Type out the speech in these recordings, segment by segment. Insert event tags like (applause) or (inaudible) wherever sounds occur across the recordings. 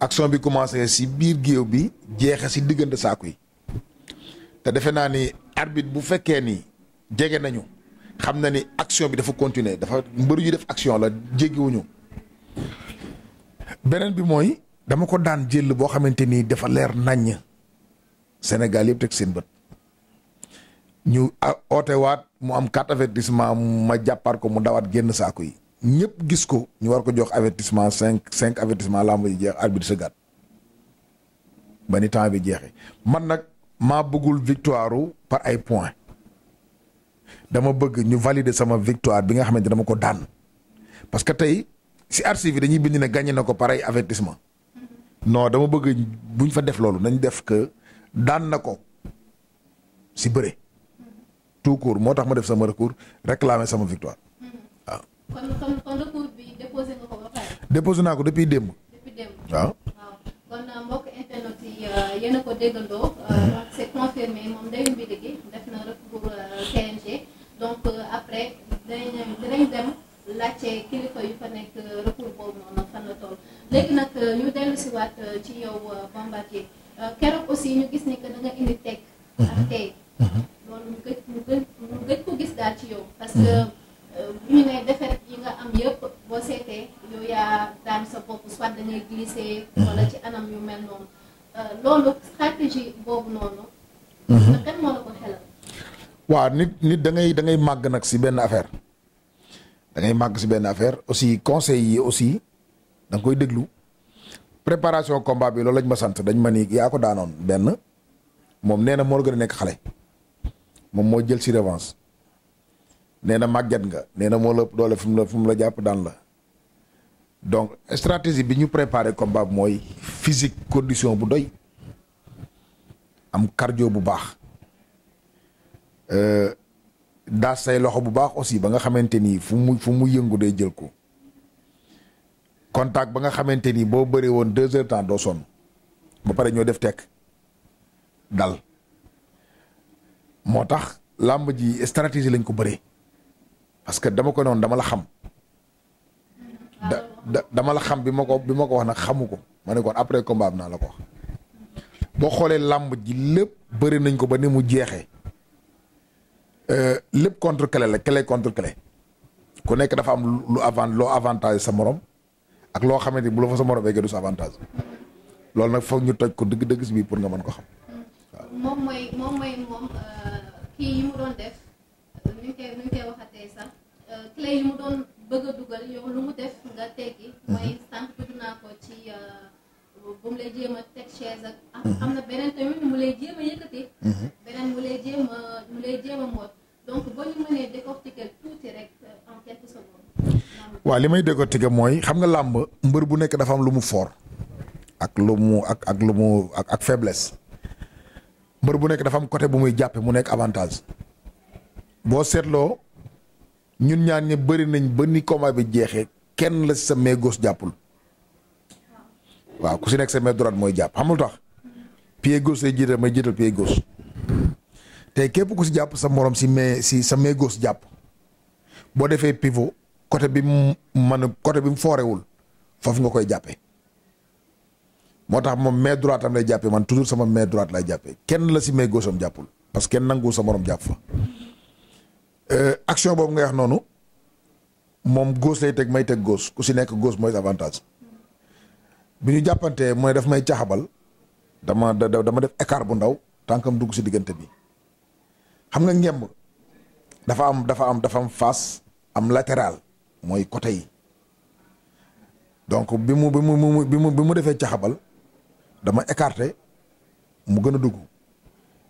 action bi commencé si biir géew bi jeexe si diggante saaku yi te defe naa ni arbitre bu fekkee ni jege nañu xam na ni action bi dafa continuer dafa mbëru def action la jéggiwuñu beneen bi mooy dama ko daan jël boo xamante ni dafa leer naññ Sénégal yëpp teg seen bët ñu a oote waat mu am carte avertissement ma jàppaat ko mu dawaat génn saaku yi ñëpp gis ko ñu war ko jox avertissement cinq cinq avertissement laa ji jeex arbitre sa gàtt ba ni temps bi jeexee man nag maa bëggul victoire par ay point dama bëgg ñu valider sama victoire bi nga xamante ne dama ko dànn parce que tey si archive yi dañuy bind ne gagné na ko par ay avertissement non dama bëgg buñ fa def loolu dañ def que daan na ko si bëre tout court moo tax ma def sama recours réclamer sama victoire. kon kon recours bi déposé nga ko ba pare. déposé naa ko depuis démb. waaw. waaw kon euh, mbokk internet yi euh, yéen ko déggandoo. Euh, mhm. donc c' est confirmé moom Ndeye Mbirigué def na recours CNG donc après dinañ dem laajte kilifa yu fa nekk recours boobu noonu fan la toll léegi nag ñu dellu si waat ci yow Bombardier keroog aussi ñu gis ni que indi teg. Mhm. ak tey. Mhm. loolu ñu gëj ñu gëj ko gis daal ci yow. parce bu ñu nee yëpp boo seetee yow yaa daan sa bopp soit da ngay glissé. Mhm. ci anam yu mel noonu euh, loolu stratégie boobu noonu. Mhm. kan moo la ko xelal. waaw nit nit dangay ngay da ngay màgg nag si benn affaire dangay màgg si benn affaire aussi conseils yi aussi da koy déglu préparation combat bi loolu lañ ma sant dañ ma ni yaa ko daanoon benn moom nee na moo gën a nekk xale moom moo jël si revanche. nee na màgget nga nee na moo la doole fu mu la fu mu la jàpp daan la donc stratégie bi ñu préparé combat bi mooy physique condition bu doy am karjo bu baax euh, daas say loxo bu baax aussi ba nga xamante ni fu mu fu mu yëngu day jël ko contact ba nga xamante ni boo bëri woon deux heures temps doo sonn ba pare ñoo def tekk dal moo tax làmb ji stratégie lañ ko bëree parce que dama ko noonu dama la xam da da dama la xam bi ma ko bi ma ko wax nag xamu ko ma ne kon après combat am naa la ko wax boo xoolee làmb ji lépp bari nañ ko ba ni mu jeexee euh, lépp contre clé la clé contre clé ku nekk dafa am lu avant loo avantage sa morom ak loo xamante ni bu la fa sa morom yeggee du sa avantage loolu nag foog ñu toj ko dëgg-dëgg si biir pour nga mën ko xam. clé yi mu doon bëgg a dugal yow lu mu def nga teggi mhm. mooy sànq tudd naa ko ci euh, ba mu lay jéem teg chaise ak mhm. am na beneen tamit mu lay jéem yëkkati mhm. beneen mu lay jéem euh, li may décortiquer mooy xam nga làmb mbër bu nekk dafa am lu mu fort ak lu mu ak ak lu mu mbër bu nekk dafa am côté bu muy jàppe mu nekk avantage boo seetloo ñun ñaan ñi bëri nañ ba ni combat bi jeexee kenn la si sa main gauche jàppul waaw ku si nekk sa main droite mooy jàpp xamul tax pied gauche lay jiital may jiital képp ku si jàpp sa morom si main si sa main jàpp boo defee pivot côté bi mu mën côté bi mu foorewul foofu nga koy jàppee moo tax moom main droite am lay jàppe man toujours sama main droite lay jàppe kenn la si main gauche am jàppul parce que kenn nanguwul sa morom jàpp fa. Euh, action boobu nga wax noonu moom góos lay teg may teg góos ku si nekk góos mooy avantage bi ñu jàppantee mooy daf may caxabal dama dama def écart bu ndaw tànkam dugg si diggante bi xam nga ngemb dafa am dafa am dafa am face am latéral mooy côté yi donc bi mu bi mu bi mu bi mu defee caxabal dama écarté mu gën a dugg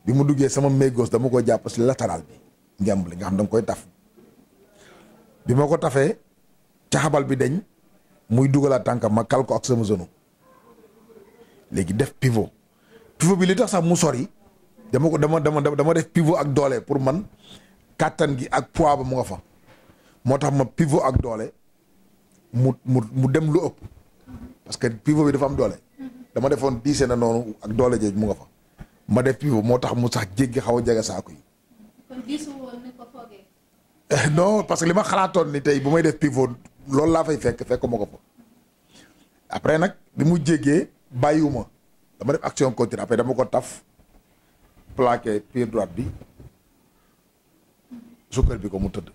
bi mu duggee sama may góos dama koo jàpp si latéral bi. ngemb li nga xam da nga koy taf bi ma ko tafee ca xabal bi dañ muy dugalaat tànkam ma kal ko ak sama zone léegi def pivot pivot bi li tax sax mu sori dama ko dama dama dama def pivo ak doole pour man kàttan gi ak poids ba mu nga fa moo tax ma pivo ak doole mu mu mu dem lu ëpp parce que pivot bi dafa am doole dama defoon diise na noonu ak doole jooju mu nga fa ma def pivot moo tax mu sax jéggi xaw a jege saako yi. (laughs) non parce que li ma xalaatoon ni tey bu may def pivot loolu laa fay fekk fekk ma ko fa après nag bi mu jégee bàyyiwuma dama def action continue après dama ko taf plaqué pied droite bi sukkal bi ko mu tëdd